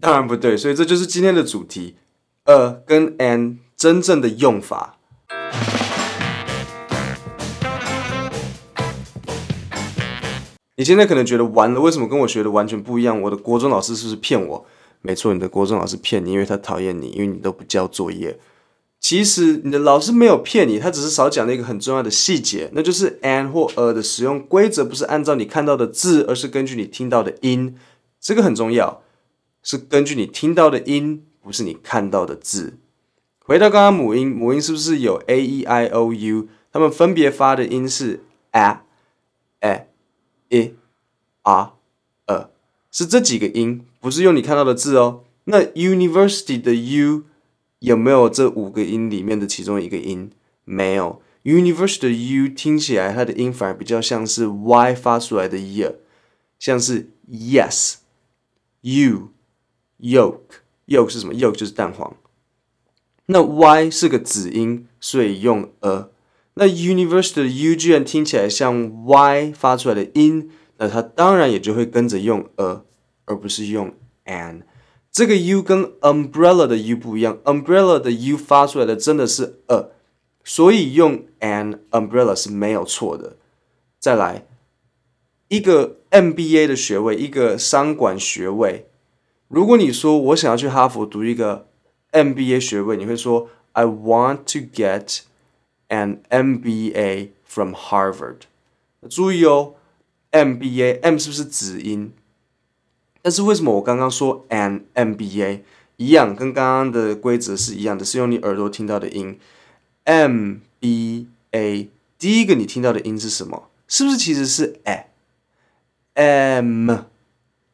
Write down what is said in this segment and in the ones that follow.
當然不對，所以這就是今天的主題，a，跟 an 真正的用法。 你現在可能覺得完了，為什麼跟我學的完全不一樣？我的國中老師是不是騙我？沒錯，你的國中老師騙你，因為他討厭你，因為你都不交作業。其實你的老師沒有騙你，他只是少講了一個很重要的細節，那就是 an 或 a、呃、的使用規則不是按照你看到的字，而是根據你聽到的音，這個很重要。是根據你聽到的音，不是你看到的字。回到剛剛母音，母音是不是有 a e i o u？它們分別發的音是 a，e，i，r，e，A、是這幾個音，不是用你看到的字哦。那 university 的 u 有沒有這五個音裡面的其中一個音？沒有，university 的 u 聽起來它的音反而比較像是 y 發出來的 year，像是 yes，you。Yolk，yolk 是什麼？yolk 就是蛋黃。那 Y 是個子音，所以用 a、啊。那 university 的 u 居然聽起來像 Y 發出來的音，那它當然也就會跟着用 a，、啊、而不是用 an。這個 u 跟 umbrella 的 u 不一樣，umbrella 的 u 發出來的真的是 a，、啊、所以用 an umbrella 是沒有錯的。再來，一個 MBA 的學位，一個商管學位。如果你說我想要去哈佛讀一個 MBA 學位，你會說 I want to get an MBA from Harvard。注意哦，MBA，M 是不是子音？但是為什麼我剛剛說 an MBA 一樣，跟剛剛的規則是一樣的，是用你耳朵聽到的音。MBA 第一個你聽到的音是什麼？是不是其實是 a？m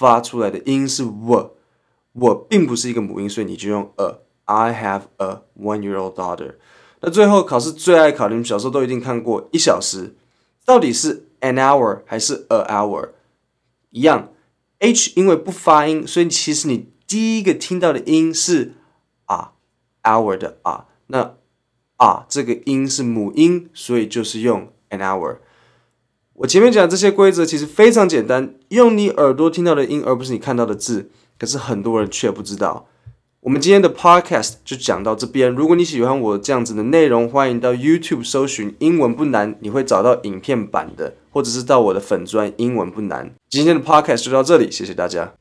發出來的音是我，我並不是一個母音，所以你就用 a。I have a one-year-old daughter。那最後考試最愛考的，你們小時候都一定看過一小時，到底是 an hour 還是 a hour？一樣，h 因為不發音，所以其實你第一個聽到的音是啊 hour 的啊，那啊，這個音是母音，所以就是用 an hour。我前面講這些規則其實非常簡單，用你耳朵聽到的音，而不是你看到的字。可是很多人卻不知道。我們今天的 podcast 就講到這邊。如果你喜歡我這樣子的內容，歡迎到 YouTube 搜尋“英文不難”，你會找到影片版的，或者是到我的粉專“英文不難”。今天的 podcast 就到這裡，謝謝大家。